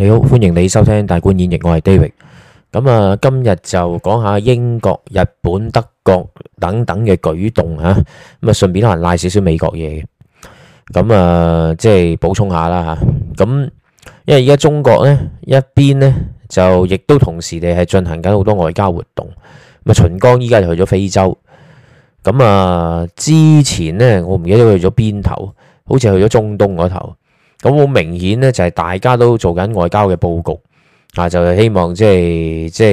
你好，歡迎你收聽大觀演繹，我係 David。咁啊，今日就講下英國、日本、德國等等嘅舉動啊。咁啊，順便可能拉少少美國嘢嘅。咁、嗯、啊，即係補充下啦吓。咁因為而家中國呢一邊呢，就亦都同時地係進行緊好多外交活動。咁啊，秦剛依家就去咗非洲。咁啊，之前呢，我唔記得去咗邊頭，好似去咗中東嗰頭。咁好明顯咧，就係大家都做緊外交嘅佈局，啊，就係、是、希望即係即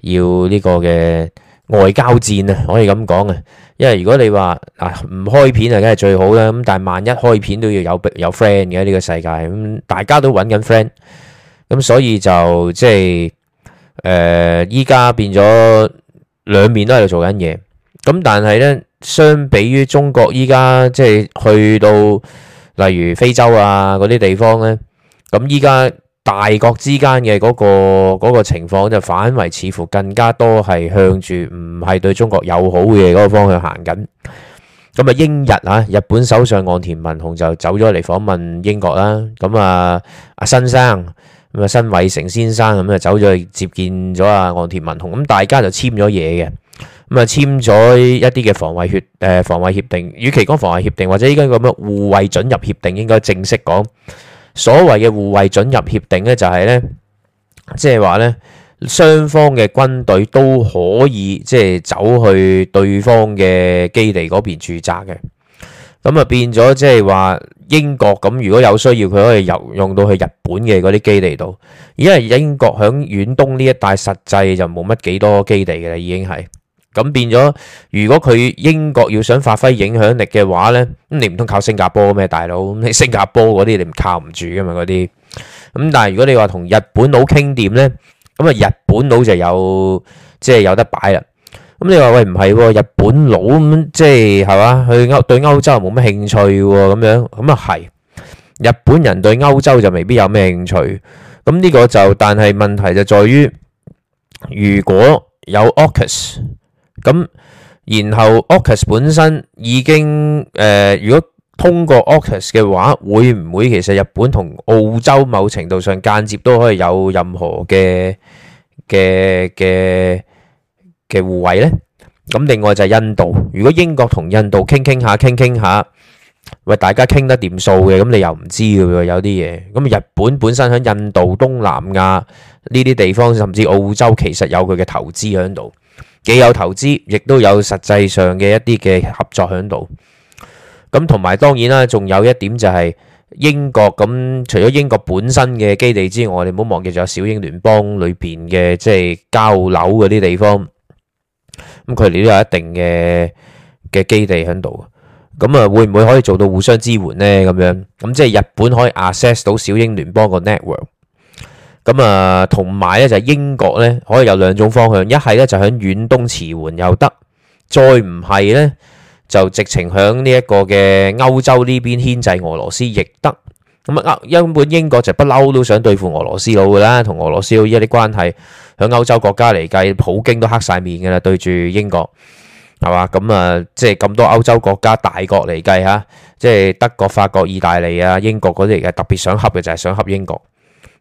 係要呢個嘅外交戰啊，可以咁講啊。因為如果你話嗱唔開片啊，梗係最好啦。咁但係萬一開片都要有有 friend 嘅呢個世界，咁大家都揾緊 friend，咁所以就即係誒依家變咗兩面都喺度做緊嘢。咁但係咧，相比於中國依家即係去到。例如非洲啊嗰啲地方咧，咁依家大國之間嘅嗰個嗰個情況就反為似乎更加多係向住唔係對中國友好嘅嗰個方向行緊。咁啊，英日啊，日本首相岸田文雄就走咗嚟訪問英國啦。咁啊，阿辛生咁啊，辛偉誠先生咁啊，走咗去接見咗啊，岸田文雄。咁大家就簽咗嘢嘅。咁啊、嗯，簽咗一啲嘅防衛協，誒、呃、防衛協定。與其講防衛協定，或者依家叫咩護衛准入協定，應該正式講所謂嘅護衛准入協定咧，就係咧，即係話咧，雙方嘅軍隊都可以即係、就是、走去對方嘅基地嗰邊駐紮嘅。咁啊，變咗即係話英國咁，如果有需要，佢可以游用到去日本嘅嗰啲基地度，因為英國響遠東呢一帶實際就冇乜幾多基地嘅啦，已經係。咁變咗，如果佢英國要想發揮影響力嘅話咧，咁你唔通靠新加坡咩大佬？你新加坡嗰啲你唔靠唔住噶嘛？嗰啲咁，但係如果你話同日本佬傾掂咧，咁啊日本佬就有即係有得擺啦。咁你話喂唔係喎，日本佬咁即係係嘛？去歐對歐洲冇乜興趣咁樣咁啊係日本人對歐洲就未必有咩興趣。咁呢個就但係問題就在於如果有 AUKUS。咁，然後 AUKUS 本身已經誒、呃，如果通過 AUKUS 嘅話，會唔會其實日本同澳洲某程度上間接都可以有任何嘅嘅嘅嘅互惠呢？咁另外就係印度，如果英國同印度傾傾下，傾傾下，喂，大家傾得掂數嘅，咁你又唔知嘅喎，有啲嘢。咁日本本身喺印度、東南亞呢啲地方，甚至澳洲，其實有佢嘅投資喺度。既有投資，亦都有實際上嘅一啲嘅合作喺度。咁同埋當然啦，仲有一點就係英國咁，除咗英國本身嘅基地之外，你唔好忘記，仲有小英聯邦裏邊嘅即係交流嗰啲地方。咁佢哋都有一定嘅嘅基地喺度。咁啊，會唔會可以做到互相支援呢？咁樣咁即係日本可以 access 到小英聯邦個 network。咁啊，同埋咧就英國咧可以有兩種方向，一係咧就響遠東遲緩又得，再唔係咧就直情響呢一個嘅歐洲呢邊牽制俄羅斯亦得。咁啊，因本英國就不嬲都想對付俄羅斯佬噶啦，同俄羅斯佬依家啲關係響歐洲國家嚟計，普京都黑晒面噶啦，對住英國，係嘛？咁啊，即係咁多歐洲國家大國嚟計下，即係德國、法國、意大利啊、英國嗰啲嚟嘅，特別想恰嘅就係想恰英國。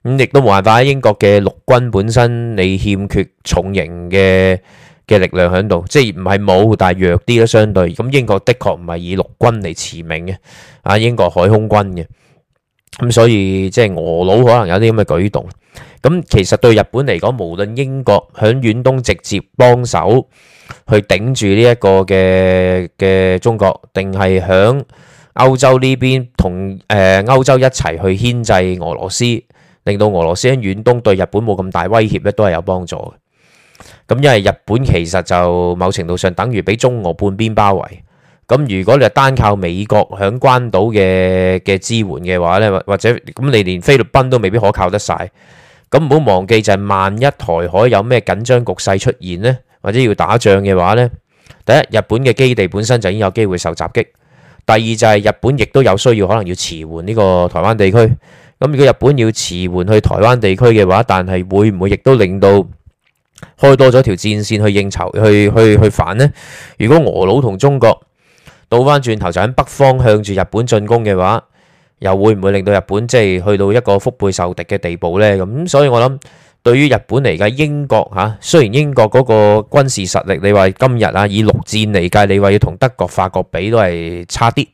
咁亦都冇辦法，英國嘅陸軍本身你欠缺重型嘅嘅力量喺度，即係唔係冇，但係弱啲咯。相對咁，英國的確唔係以陸軍嚟馳名嘅，啊，英國海空軍嘅，咁，所以即係俄佬可能有啲咁嘅舉動。咁其實對日本嚟講，無論英國響遠東直接幫手去頂住呢一個嘅嘅中國，定係響歐洲呢邊同誒歐洲一齊去牽制俄羅斯，令到俄羅斯喺遠東對日本冇咁大威脅咧，都係有幫助嘅。咁因為日本其實就某程度上等於俾中俄半邊包圍。咁如果你係單靠美國喺關島嘅嘅支援嘅話咧，或者咁你連菲律賓都未必可靠得曬。咁唔好忘記就係萬一台海有咩緊張局勢出現咧，或者要打仗嘅話咧，第一日本嘅基地本身就已經有機會受襲擊；第二就係日本亦都有需要可能要馳援呢個台灣地區。咁如果日本要支援去台灣地區嘅話，但係會唔會亦都令到開多咗條戰線去應酬、去去去反呢？如果俄魯俄佬同中國倒翻轉頭就喺北方向住日本進攻嘅話，又會唔會令到日本即係去到一個腹背受敵嘅地步呢？咁，所以我諗對於日本嚟講，英國嚇雖然英國嗰個軍事實力，你話今日啊，以陸戰嚟計，你話要同德國、法國比都係差啲。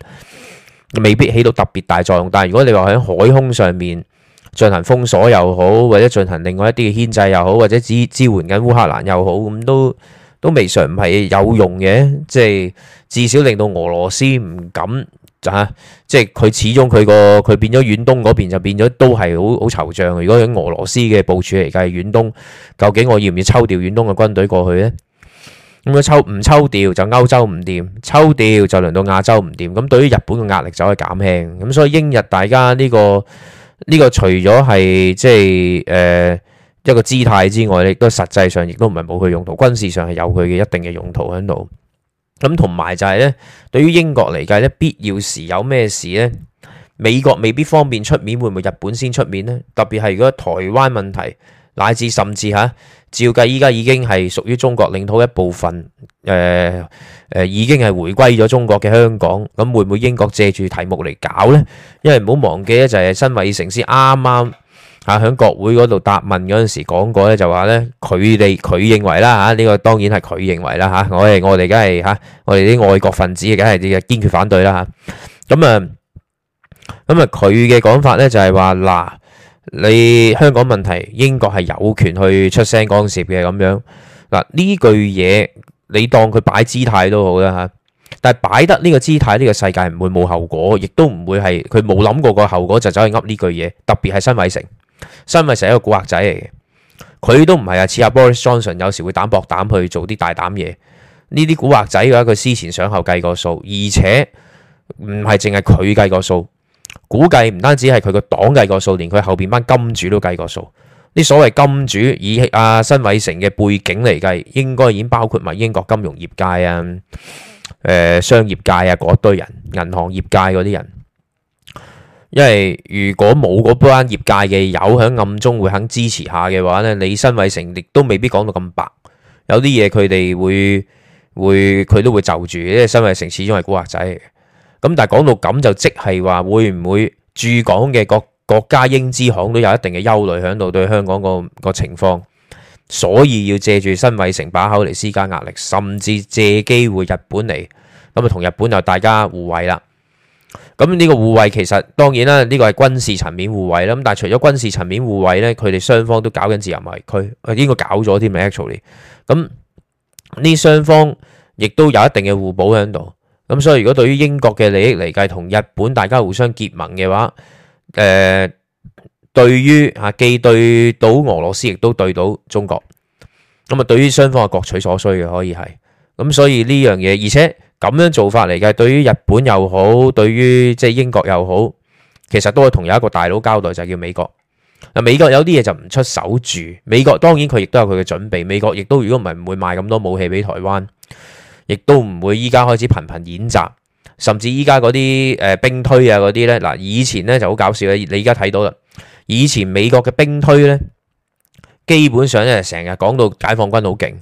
未必起到特別大作用，但係如果你話喺海空上面進行封鎖又好，或者進行另外一啲嘅牽制又好，或者支支援緊烏克蘭又好，咁都都未嘗唔係有用嘅，即係至少令到俄羅斯唔敢就嚇、啊，即係佢始終佢個佢變咗遠東嗰邊就變咗都係好好惆悵。如果喺俄羅斯嘅部署嚟計，遠東究竟我要唔要抽調遠東嘅軍隊過去呢？咁佢抽唔抽掉就歐洲唔掂，抽掉就輪到亞洲唔掂。咁對於日本嘅壓力就可以減輕。咁所以英日大家呢個呢個除咗係即係誒、呃、一個姿態之外，亦都實際上亦都唔係冇佢用途。軍事上係有佢嘅一定嘅用途喺度。咁同埋就係咧，對於英國嚟計咧，必要時有咩事咧，美國未必方便出面，會唔會日本先出面咧？特別係如果台灣問題。乃至甚至嚇，照計依家已經係屬於中國領土一部分，誒誒已經係回歸咗中國嘅香港，咁會唔會英國借住題目嚟搞咧？因為唔好忘記咧，就係辛偉誠啱啱嚇喺國會嗰度答問嗰陣時講過咧，就話咧佢哋佢認為啦嚇，呢個當然係佢認為啦嚇，我哋我哋梗係嚇，我哋啲外國分子梗係堅決反對啦嚇。咁啊，咁啊，佢嘅講法咧就係話嗱。你香港問題，英國係有權去出聲干涉嘅。咁樣嗱，呢句嘢你當佢擺姿態都好啦吓，但係擺得呢個姿態，呢個世界唔會冇後果，亦都唔會係佢冇諗過個後果就走去噏呢句嘢。特別係辛偉誠，辛偉誠係一個古惑仔嚟嘅，佢都唔係啊。似阿 Boris Johnson 有時會膽薄膽去做啲大膽嘢，呢啲古惑仔嘅話佢思前想後計個數，而且唔係淨係佢計個數。估計唔單止係佢個黨計個數，連佢後邊班金主都計個數。啲所謂金主以阿新偉成嘅背景嚟計，應該已經包括埋英國金融業界啊、誒商業界啊嗰堆人、銀行業界嗰啲人。因為如果冇嗰班業界嘅友喺暗中會肯支持下嘅話呢，你新偉成亦都未必講到咁白。有啲嘢佢哋會會佢都會就住，因為新偉成始終係古惑仔。咁但係講到咁就即係話會唔會駐港嘅各國家英資行都有一定嘅憂慮響度對香港個個情況，所以要借住新偉城把口嚟施加壓力，甚至借機會日本嚟咁啊，同日本又大家互衛啦。咁呢個互衛其實當然啦，呢個係軍事層面互衛啦。咁但係除咗軍事層面互衛呢，佢哋雙方都搞緊自由貿易區，應該搞咗添咪 Actually，咁呢雙方亦都有一定嘅互補喺度。咁所以如果對於英國嘅利益嚟計，同日本大家互相結盟嘅話，誒、呃，對於吓既對到俄羅斯，亦都對到中國，咁啊，對於雙方啊各取所需嘅可以係，咁所以呢樣嘢，而且咁樣做法嚟計，對於日本又好，對於即係英國又好，其實都係同有一個大佬交代，就叫美國。嗱，美國有啲嘢就唔出手住，美國當然佢亦都有佢嘅準備，美國亦都如果唔係唔會賣咁多武器俾台灣。亦都唔會依家開始頻頻演習，甚至依家嗰啲誒兵推啊嗰啲呢。嗱，以前呢就好搞笑嘅，你而家睇到啦。以前美國嘅兵推呢，基本上呢成日講到解放軍好勁，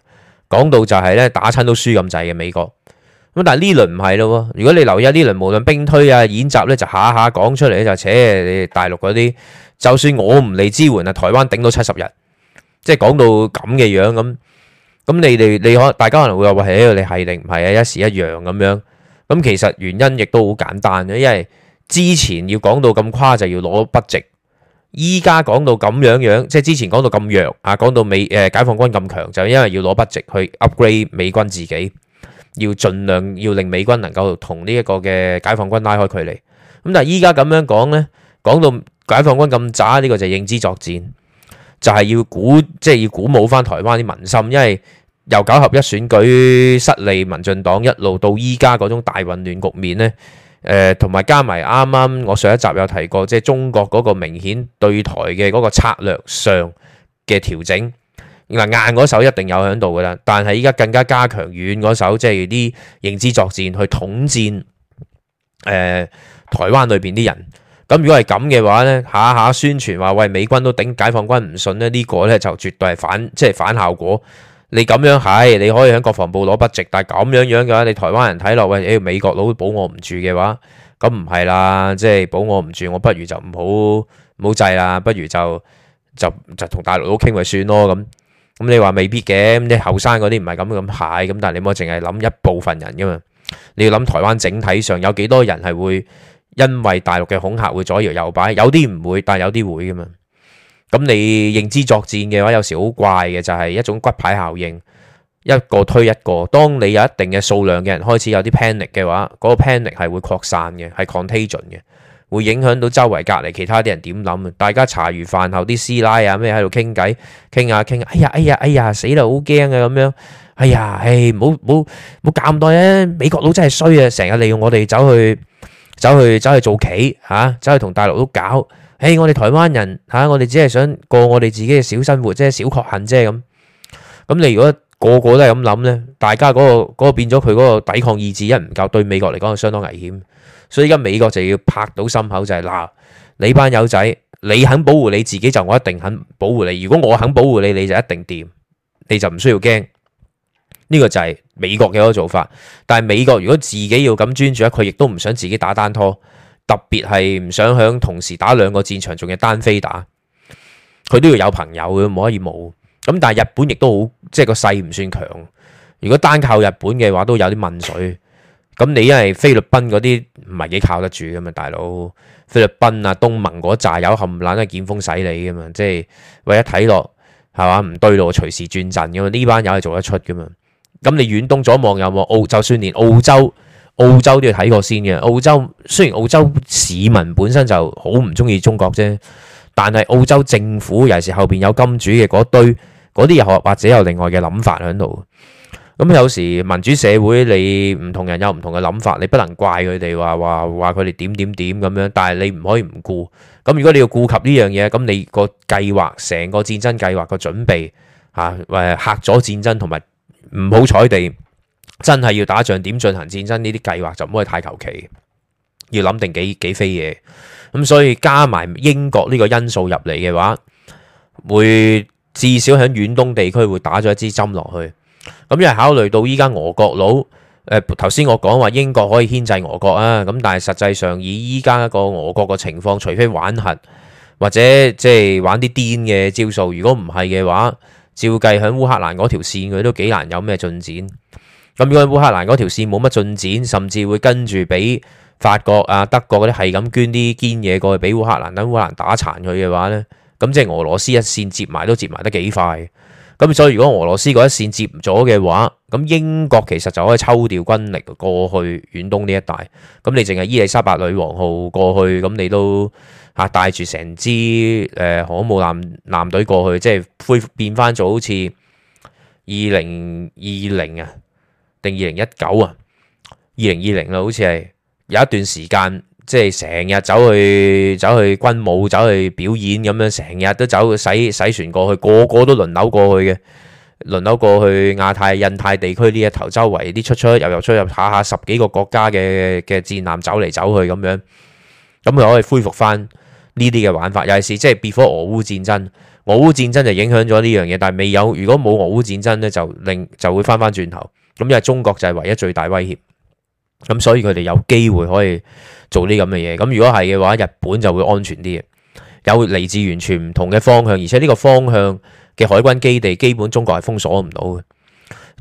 講到就係呢打親都輸咁滯嘅美國。咁但係呢輪唔係咯，如果你留意下呢輪無論兵推啊演習呢，就下下講出嚟就扯你大陸嗰啲，就算我唔嚟支援啊，台灣頂到七十日，即係講到咁嘅樣咁。咁你哋你可大家可能會話喂、哎，你係定唔係啊一時一樣咁樣，咁其實原因亦都好簡單，因為之前要講到咁誇就要攞 budget，依家講到咁樣樣，即係之前講到咁弱啊，講到美誒、啊、解放軍咁強，就因為要攞 budget 去 upgrade 美軍自己，要盡量要令美軍能夠同呢一個嘅解放軍拉開距離。咁但係依家咁樣講咧，講到解放軍咁渣，呢、呢個就認知作戰。就係要鼓，即係要鼓舞翻台灣啲民心，因為由九合一選舉失利民進黨，民進黨一路到依家嗰種大混亂局面咧，誒、呃，同埋加埋啱啱我上一集有提過，即係中國嗰個明顯對台嘅嗰個策略上嘅調整，嗱硬嗰手一定有喺度噶啦，但係依家更加加強軟嗰手，即係啲認知作戰去統戰誒、呃、台灣裏邊啲人。咁如果係咁嘅話咧，下下宣傳話喂，美軍都頂解放軍唔順咧，呢個咧就絕對係反，即係反效果。你咁樣係，你可以喺國防部攞筆直，但係咁樣樣嘅話，你台灣人睇落喂，誒，美國佬保我唔住嘅話，咁唔係啦，即係保我唔住，我不如就唔好冇制啦，不如就就就同大陸佬傾咪算咯咁。咁你話未必嘅，咁你後生嗰啲唔係咁咁蟹，咁但係你唔好淨係諗一部分人噶嘛，你要諗台灣整體上有幾多人係會。因為大陸嘅恐嚇會左搖右擺，有啲唔會，但係有啲會噶嘛。咁你認知作戰嘅話，有時好怪嘅就係一種骨牌效應，一個推一個。當你有一定嘅數量嘅人開始有啲 panic 嘅話，嗰個 panic 係會擴散嘅，係 contagion 嘅，會影響到周圍隔籬其他啲人點諗啊。大家茶餘飯後啲師奶啊，咩喺度傾偈，傾下傾，哎呀哎呀哎呀死啦，好驚啊咁樣，哎呀，唉，冇冇冇搞咁多啫。美國佬真係衰啊，成日利用我哋走去。走去走去做棋，嚇，走去同大陸都搞。誒，我哋台灣人嚇、啊，我哋只係想過我哋自己嘅小生活，即、就、係、是、小確幸啫咁。咁你如果個個都係咁諗呢，大家嗰、那個嗰、那個、變咗佢嗰個抵抗意志一唔夠，對美國嚟講係相當危險。所以而家美國就要拍到心口，就係嗱，你班友仔，你肯保護你自己，就我一定肯保護你。如果我肯保護你，你就一定掂，你就唔需要驚。呢個就係美國嘅一個做法，但係美國如果自己要咁專注，佢亦都唔想自己打單拖，特別係唔想響同時打兩個戰場，仲要單飛打，佢都要有朋友，佢唔可以冇。咁但係日本亦都好，即係個勢唔算強。如果單靠日本嘅話，都有啲問水。咁你因為菲律賓嗰啲唔係幾靠得住噶嘛，大佬菲律賓啊東盟嗰紮有冚唥都見風使 𢃇 噶嘛，即係為咗睇落係嘛唔對路，隨時轉陣噶嘛，呢班友係做得出噶嘛。咁你遠東左望右望澳，就算連澳洲澳洲都要睇過先嘅。澳洲，澳洲，澳洲，澳洲雖然澳洲市民本身就好唔中意中國啫，但係澳洲政府尤其是後邊有金主嘅嗰堆嗰啲又或者有另外嘅諗法喺度。咁有時民主社會你唔同人有唔同嘅諗法，你不能怪佢哋話話話佢哋點點點咁樣，但係你唔可以唔顧。咁如果你要顧及呢樣嘢，咁你個計劃成個戰爭計劃個準備、吓、嚇誒嚇咗戰爭同埋。唔好彩地，真係要打仗，點進行戰爭呢啲計劃就唔可以太求其，要諗定幾幾飛嘢。咁所以加埋英國呢個因素入嚟嘅話，會至少喺遠東地區會打咗一支針落去。咁又係考慮到依家俄國佬，誒頭先我講話英國可以牽制俄國啊。咁但係實際上以依家個俄國嘅情況，除非玩核或者即係玩啲癲嘅招數，如果唔係嘅話。照計喺烏克蘭嗰條線佢都幾難有咩進展，咁如果烏克蘭嗰條線冇乜進展，甚至會跟住俾法國啊、德國嗰啲係咁捐啲堅嘢過去俾烏克蘭，等烏克蘭打殘佢嘅話呢，咁即係俄羅斯一線接埋都接埋得幾快。咁所以如果俄羅斯嗰一線接唔咗嘅話，咁英國其實就可以抽調軍力過去遠東呢一帶。咁你淨係伊利沙伯女王號過去，咁你都。啊！帶住成支誒航母艦艦隊過去，即係恢復變翻咗好似二零二零啊，定二零一九啊，二零二零啦，好似係有一段時間，即係成日走去走去軍武走去表演咁樣，成日都走洗洗船過去，個個都輪流過去嘅，輪流過去亞太、印太地區呢一頭，周圍啲出出入入出入一下一下十幾個國家嘅嘅戰艦走嚟走去咁樣，咁佢可以恢復翻。呢啲嘅玩法，尤其是即係別火俄烏戰爭，俄烏戰爭就影響咗呢樣嘢，但係未有。如果冇俄烏戰爭呢，就令就會翻翻轉頭。咁因為中國就係唯一最大威脅，咁所以佢哋有機會可以做啲咁嘅嘢。咁如果係嘅話，日本就會安全啲嘅，有嚟自完全唔同嘅方向，而且呢個方向嘅海軍基地基本中國係封鎖唔到嘅。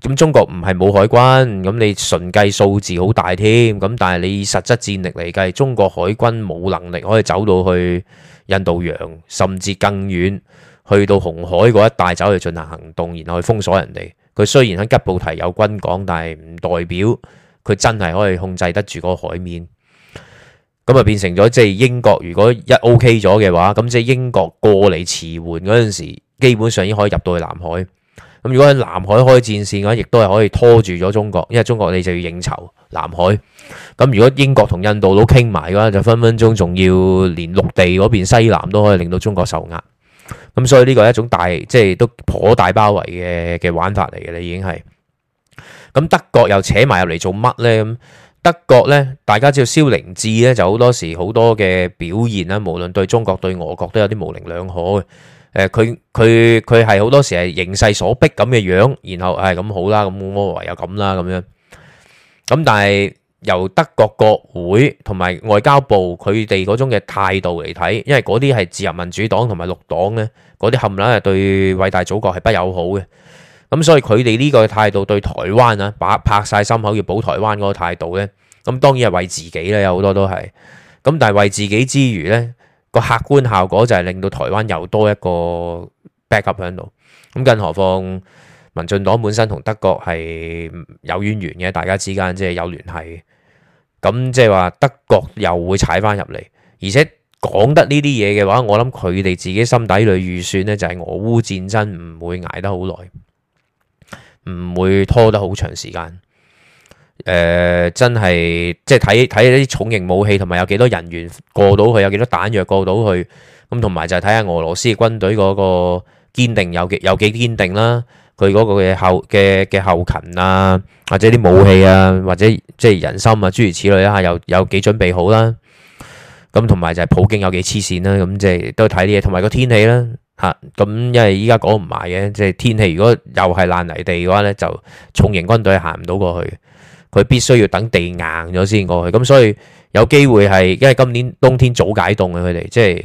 咁中國唔係冇海軍，咁你純計數字好大添，咁但係你以實質戰力嚟計，中國海軍冇能力可以走到去印度洋，甚至更遠，去到紅海嗰一帶走去進行行動，然後去封鎖人哋。佢雖然喺吉布提有軍港，但係唔代表佢真係可以控制得住嗰個海面。咁啊，變成咗即係英國，如果一 OK 咗嘅話，咁即係英國過嚟馳援嗰陣時，基本上已經可以入到去南海。咁如果喺南海開戰線嘅話，亦都係可以拖住咗中國，因為中國你就要應酬南海。咁如果英國同印度都傾埋嘅話，就分分鐘仲要連陸地嗰邊西南都可以令到中國受壓。咁所以呢個係一種大即係都頗大包圍嘅嘅玩法嚟嘅，你已經係。咁德國又扯埋入嚟做乜呢？咁德國呢，大家知道蕭凌志呢就好多時好多嘅表現啊，無論對中國對俄國都有啲模棱兩可嘅。誒，佢佢佢係好多時係形勢所逼咁嘅樣，然後係咁、嗯、好啦，咁我唯有咁啦，咁樣。咁但係由德國國會同埋外交部佢哋嗰種嘅態度嚟睇，因為嗰啲係自由民主黨同埋綠黨咧，嗰啲冚啦係對偉大祖國係不友好嘅。咁所以佢哋呢個態度對台灣啊，把拍晒心口要保台灣嗰個態度咧，咁當然係為自己啦，有好多都係。咁但係為自己之餘咧。個客觀效果就係令到台灣又多一個 back up 喺度，咁更何況民進黨本身同德國係有淵源嘅，大家之間即係有聯繫，咁即係話德國又會踩返入嚟，而且講得呢啲嘢嘅話，我諗佢哋自己心底裏預算呢，就係俄烏戰爭唔會捱得好耐，唔會拖得好長時間。誒、呃，真係即係睇睇啲重型武器，同埋有幾多人員過到去，有幾多彈藥過到去，咁同埋就係睇下俄羅斯嘅軍隊嗰個堅定有幾有幾堅定啦，佢嗰個嘅後嘅嘅後勤啊，或者啲武器啊，或者即係人心啊，諸如此類啊，有有幾準備好啦，啊，咁同埋就係普京有幾黐線啦，咁即係都睇啲嘢，同埋個天氣啦，吓，啊、咁因為依家講唔埋嘅，即係天氣如果又係爛泥地嘅話咧，就重型軍隊行唔到過去。佢必須要等地硬咗先過去，咁所以有機會係，因為今年冬天早解凍啊，佢哋即係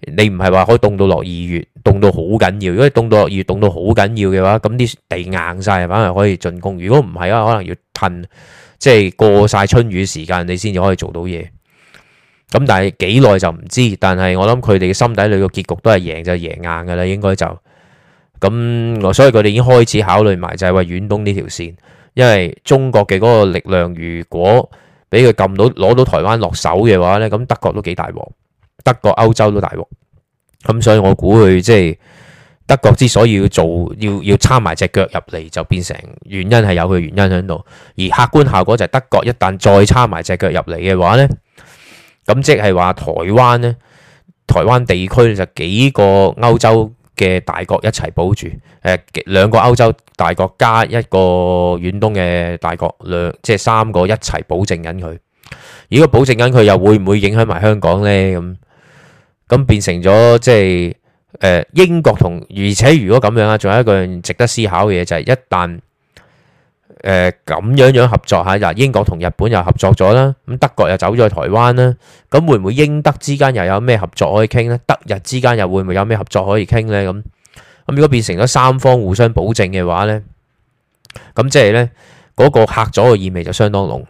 你唔係話可以凍到落二月，凍到好緊要。如果凍到落二月凍到好緊要嘅話，咁啲地硬晒反而可以進攻。如果唔係啊，可能要褪即係過晒春雨時間，你先至可以做到嘢。咁但係幾耐就唔知，但係我諗佢哋嘅心底裏個結局都係贏就贏硬㗎啦，應該就咁。所以佢哋已經開始考慮埋就係話遠東呢條線。因為中國嘅嗰個力量，如果俾佢撳到攞到台灣落手嘅話呢，咁德國都幾大鑊，德國歐洲都大鑊。咁所以我估佢即係德國之所以要做要要撐埋隻腳入嚟，就變成原因係有佢原因喺度。而客觀效果就係德國一旦再撐埋隻腳入嚟嘅話呢，咁即係話台灣呢，台灣地區就幾個歐洲嘅大國一齊保住，誒、呃，兩個歐洲大國加一個遠東嘅大國，兩即係三個一齊保證緊佢。如果保證緊佢，又會唔會影響埋香港呢？咁咁變成咗即係、呃、英國同而且如果咁樣啊，仲有一個值得思考嘅嘢，就係、是、一旦。誒，咁樣樣合作吓，嗱，英國同日本又合作咗啦，咁德國又走咗去台灣啦，咁會唔會英德之間又有咩合作可以傾咧？德日之間又會唔會有咩合作可以傾咧？咁咁如果變成咗三方互相保證嘅話咧，咁即係咧嗰個嚇咗嘅意味就相當濃，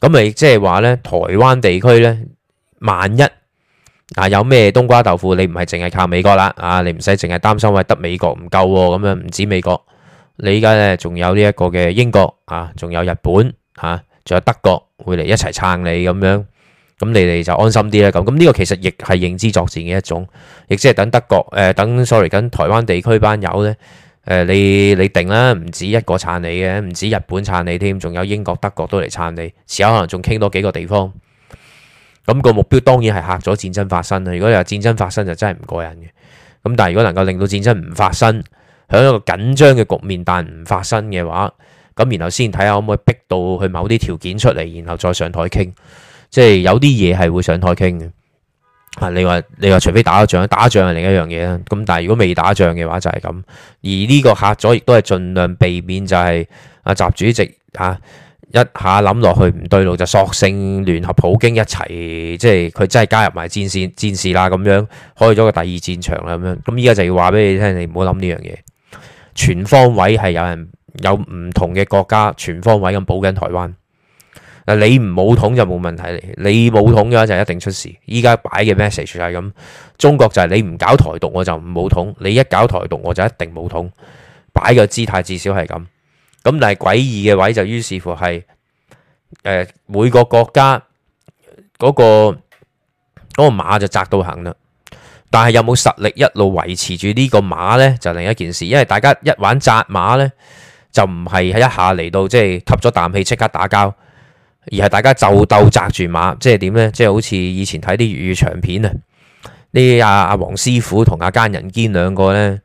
咁咪即係話咧台灣地區咧，萬一嗱有咩冬瓜豆腐，你唔係淨係靠美國啦，啊，你唔使淨係擔心話得美國唔夠咁樣，唔止美國。你依家咧仲有呢一個嘅英國啊，仲有日本啊，仲有德國會嚟一齊撐你咁樣，咁你哋就安心啲啦咁。咁呢個其實亦係認知作戰嘅一種，亦即係等德國誒、呃，等 sorry，跟台灣地區班友咧，誒、呃，你你定啦，唔止一個撐你嘅，唔止日本撐你添，仲有英國、德國都嚟撐你，遲下可能仲傾多幾個地方。咁、個目標當然係吓咗戰爭發生啦。如果你話戰爭發生就真係唔過癮嘅。咁但係如果能夠令到戰爭唔發生。喺一個緊張嘅局面，但唔發生嘅話，咁然後先睇下可唔可以逼到去某啲條件出嚟，然後再上台傾，即係有啲嘢係會上台傾嘅。啊，你話你話，除非打咗仗，打仗係另一樣嘢啦。咁但係如果未打仗嘅話就係咁，而呢個客咗亦都係盡量避免就係阿習主席吓、啊、一下諗落去唔對路，就索性聯合普京一齊，即係佢真係加入埋戰線戰士啦，咁樣開咗個第二戰場啦，咁樣。咁依家就要話俾你聽，你唔好諗呢樣嘢。全方位，係有人有唔同嘅國家全方位咁保緊台灣。你唔武統就冇問題，你武統嘅就一定出事。依家擺嘅 message 係咁，中國就係你唔搞台獨我就唔武統，你一搞台獨我就一定武統。擺嘅姿態至少係咁。咁但係詭異嘅位就於是乎係誒、呃、每個國家嗰、那個嗰、那個、馬就窄到行啦。但係有冇實力一路維持住呢個馬呢？就另一件事。因為大家一玩紮馬呢，就唔係喺一下嚟到即係、就是、吸咗啖氣即刻打交，而係大家就鬥紮住馬，即係點呢？即係好似以前睇啲粵語長片啊，呢阿阿黃師傅同阿奸人堅兩個呢，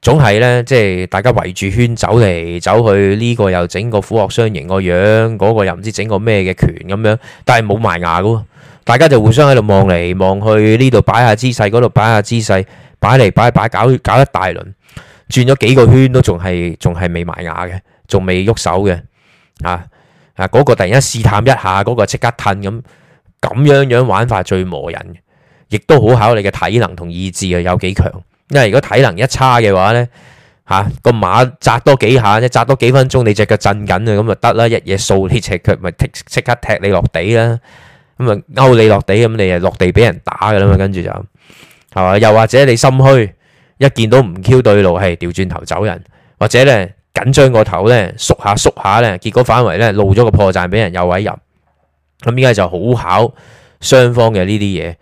總係呢，即、就、係、是、大家圍住圈走嚟走去，呢、這個又整個虎鶴雙形個樣，嗰、那個又唔知整個咩嘅拳咁樣，但係冇埋牙噶喎。大家就互相喺度望嚟望去，呢度擺下姿勢，嗰度擺下姿勢，擺嚟擺擺，搞搞一大輪，轉咗幾個圈都仲係仲係未埋牙嘅，仲未喐手嘅，啊啊嗰個突然間試探一下，嗰個即刻褪咁，咁樣樣玩法最磨人，亦都好考你嘅體能同意志啊，有幾強？因為如果體能一差嘅話呢，嚇個馬紮多幾下，即紮多幾分鐘，你隻腳震緊啊，咁就得啦，日夜掃呢隻腳，咪踢即刻踢你落地啦。咁啊，勾你落地，咁你啊落地俾人打噶啦嘛，跟住就係嘛，又或者你心虛，一見到唔 Q 對路係掉轉頭走人，或者咧緊張個頭咧縮下縮下咧，結果反為咧露咗個破綻俾人有位入，咁依家就好考雙方嘅呢啲嘢。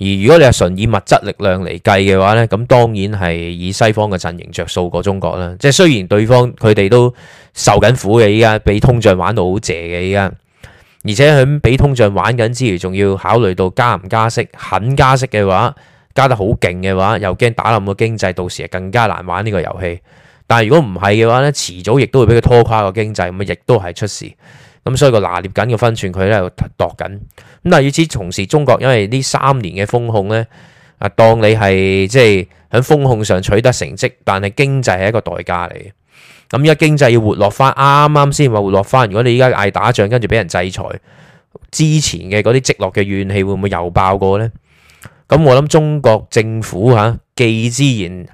而如果你係純以物質力量嚟計嘅話咧，咁當然係以西方嘅陣營着數過中國啦。即係雖然對方佢哋都受緊苦嘅，依家俾通脹玩到好邪嘅依家。而且喺俾通脹玩緊之餘，仲要考慮到加唔加息，肯加息嘅話，加得好勁嘅話，又驚打冧個經濟，到時係更加難玩呢個遊戲。但係如果唔係嘅話咧，遲早亦都會俾佢拖垮個經濟，咁亦都係出事。咁所以個拿捏緊嘅分寸，佢咧度度緊。咁但係與此同時，中國因為呢三年嘅封控咧，啊，當你係即係喺封控上取得成績，但係經濟係一個代價嚟。咁而家經濟要活落翻，啱啱先話活落翻。如果你依家嗌打仗，跟住俾人制裁，之前嘅嗰啲積落嘅怨氣會唔會又爆過呢？咁我諗中國政府吓，既之然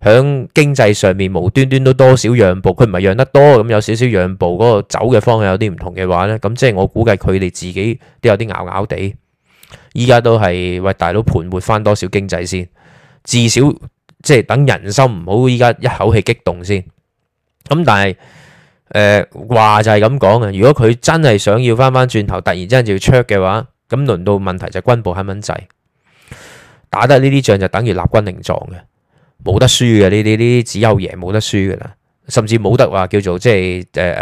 響經濟上面無端端都多少讓步，佢唔係讓得多咁，有少少讓步，嗰個走嘅方向有啲唔同嘅話呢。咁即係我估計佢哋自己都有啲咬咬地，依家都係喂，大佬盤活翻多少經濟先，至少即係等人心唔好，依家一口氣激動先。咁、嗯、但係，誒、呃、話就係咁講啊！如果佢真係想要翻翻轉頭，突然之間就要出 h 嘅話，咁輪到問題就是軍部肯唔肯打得呢啲仗，就等於立軍令狀嘅，冇得輸嘅呢啲呢啲，只有贏冇得輸噶啦。甚至冇得話叫做即係誒誒誒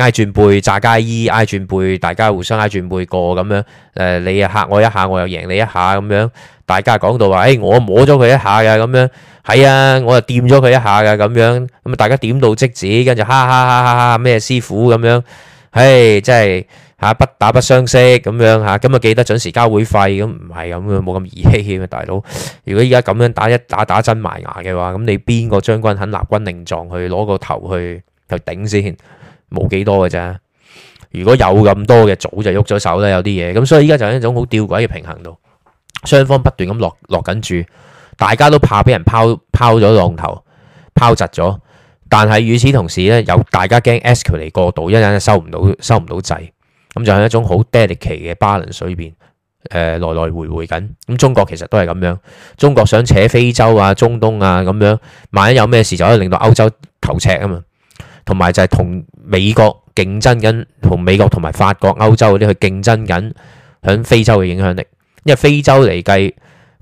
挨轉背炸街衣挨轉背，大家互相挨轉背過咁樣。誒、呃、你又嚇我一下，我又贏你一下咁樣。大家講到話，誒、欸、我摸咗佢一下㗎咁樣，係啊，我又掂咗佢一下㗎咁樣。咁啊，大家點到即止，跟住哈哈哈哈哈，咩師傅咁樣。唉，真係。打不相識咁樣吓，咁啊記得準時交會費咁，唔係咁樣，冇咁兒戲嘅大佬。如果依家咁樣打一打打真埋牙嘅話，咁你邊個將軍肯立軍令狀去攞個頭去去頂先？冇幾多嘅啫。如果有咁多嘅，早就喐咗手啦。有啲嘢咁，所以依家就係一種好吊詭嘅平衡度，雙方不斷咁落落緊注，大家都怕俾人拋拋咗浪頭拋窒咗，但係與此同時呢，有大家驚 escalate 過度，一陣收唔到收唔到掣。咁就係一種好 delicate 嘅 balance 水邊，誒、呃、來來回回緊。咁中國其實都係咁樣，中國想扯非洲啊、中東啊咁樣。萬一有咩事，就可以令到歐洲頭赤啊嘛。同埋就係同美國競爭緊，同美國同埋法國、歐洲嗰啲去競爭緊喺非洲嘅影響力。因為非洲嚟計，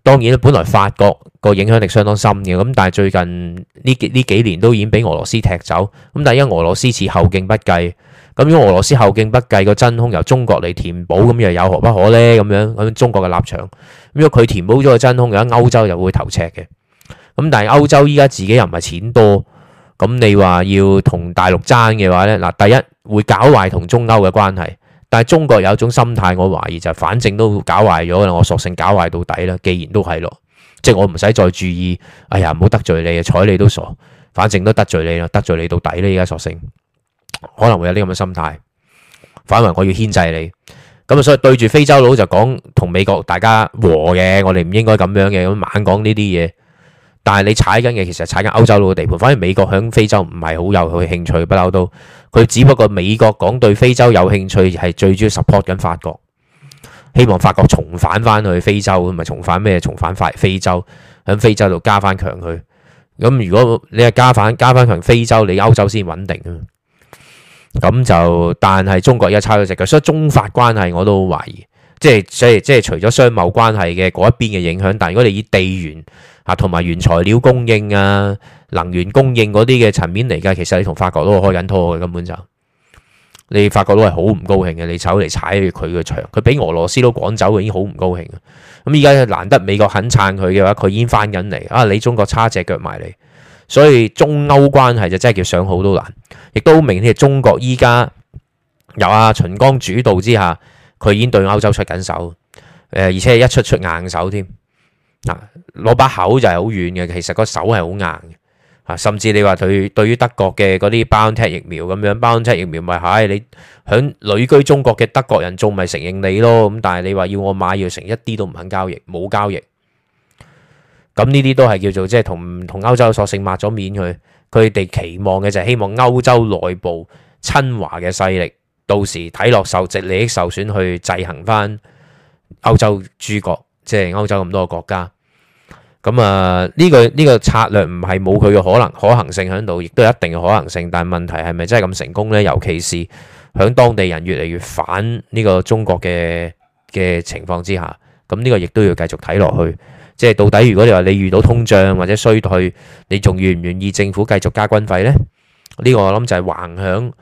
當然本來法國個影響力相當深嘅，咁但係最近呢幾呢幾年都已經俾俄羅斯踢走。咁但係因為俄羅斯似後勁不繼。咁如果俄羅斯後勁不繼，個真空由中國嚟填補，咁又有何不可呢？咁樣咁中國嘅立場，如果佢填補咗個真空，而家歐洲又會頭赤嘅。咁但係歐洲依家自己又唔係錢多，咁你話要同大陸爭嘅話呢，嗱，第一會搞壞同中歐嘅關係。但係中國有一種心態，我懷疑就係、是、反正都搞壞咗啦，我索性搞壞到底啦。既然都係咯，即、就、係、是、我唔使再注意。哎呀，唔好得罪你呀，睬你都傻，反正都得罪你啦，得罪你到底啦，依家索性。可能會有啲咁嘅心態，反為我要牽制你咁啊。所以對住非洲佬就講同美國大家和嘅，我哋唔應該咁樣嘅咁猛講呢啲嘢。但係你踩緊嘅其實踩緊歐洲佬嘅地盤，反而美國響非洲唔係好有佢興趣，不嬲都佢只不過美國講對非洲有興趣係最主要。support 緊法國，希望法國重返翻去非洲同埋重返咩？重返法，非洲響非洲度加翻強佢咁。如果你係加翻加翻強非洲，你歐洲先穩定咁就，但係中國而家差咗隻腳，所以中法關係我都懷疑，即係即係即係除咗商貿關係嘅嗰一邊嘅影響，但係如果你以地緣啊同埋原材料供應啊能源供應嗰啲嘅層面嚟㗎，其實你同法國都開緊拖嘅，根本就你法國都係好唔高興嘅，你走嚟踩佢佢嘅場，佢俾俄羅斯都趕走，佢已經好唔高興。咁而家難得美國肯撐佢嘅話，佢已經翻緊嚟啊！你中國差隻腳埋嚟。所以中歐關係就真係叫想好都難，亦都明顯係中國依家由阿秦剛主導之下，佢已經對歐洲出緊手，誒而且係一出出硬手添，啊攞把口就係好軟嘅，其實個手係好硬嘅，啊甚至你話佢對，對於德國嘅嗰啲巴恩特疫苗咁樣，巴恩特疫苗咪、就、係、是哎、你響旅居中國嘅德國人仲咪承認你咯，咁但係你話要我買要成一啲都唔肯交易，冇交易。咁呢啲都係叫做即係同同歐洲索性抹咗面去，佢哋期望嘅就係希望歐洲內部親華嘅勢力，到時睇落受直利益受損去制衡翻歐洲諸國，即係歐洲咁多個國家。咁、嗯、啊，呢個呢個策略唔係冇佢嘅可能可行性喺度，亦都有一定嘅可能性。但係問題係咪真係咁成功呢？尤其是響當地人越嚟越反呢個中國嘅嘅情況之下，咁呢個亦都要繼續睇落去。即係到底，如果你話你遇到通脹或者衰退，你仲願唔願意政府繼續加軍費呢？呢、呢個我諗就係橫響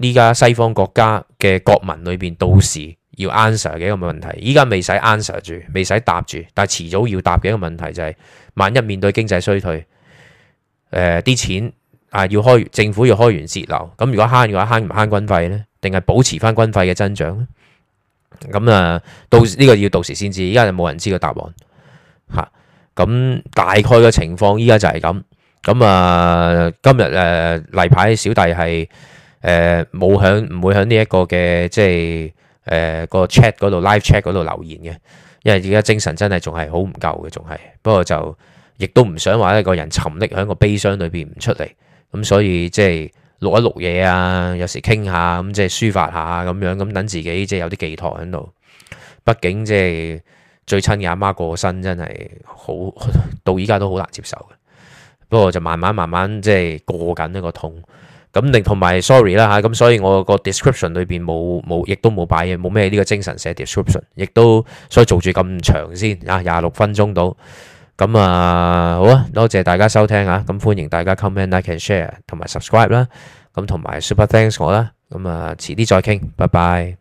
呢家西方國家嘅國民裏邊，到時要 answer 嘅一個問題。依家未使 answer 住，未使答住，但係遲早要答嘅一個問題就係、是，萬一面對經濟衰退，誒、呃、啲錢啊要開政府要開源節流咁，如果慳嘅話，慳唔慳軍費呢？定係保持翻軍費嘅增長呢？咁啊，到、這、呢個要到時先知，依家就冇人知個答案。吓咁、嗯、大概嘅情況依家就係咁。咁啊今日誒例牌小弟係誒冇響唔會響呢一個嘅即係誒、呃、個 chat 嗰度 live chat 嗰度留言嘅，因為而家精神真係仲係好唔夠嘅，仲係不過就亦都唔想話一個人沉溺喺個悲傷裏邊唔出嚟，咁、嗯、所以即係錄一錄嘢啊，有時傾下咁即係抒發下咁樣，咁等自己即係有啲寄託喺度，畢竟即係。最親嘅阿媽過身真係好，到依家都好難接受嘅。不過就慢慢慢慢即係過緊呢個痛咁，同埋 sorry 啦嚇。咁所以我個 description 裏邊冇冇，亦都冇擺嘢，冇咩呢個精神寫 description，亦都所以做住咁長先啊，廿六分鐘到。咁啊，好啊，多謝大家收聽嚇，咁歡迎大家 comment、like and share 同埋 subscribe 啦。咁同埋 super thanks 我啦。咁啊，遲啲再傾，拜拜。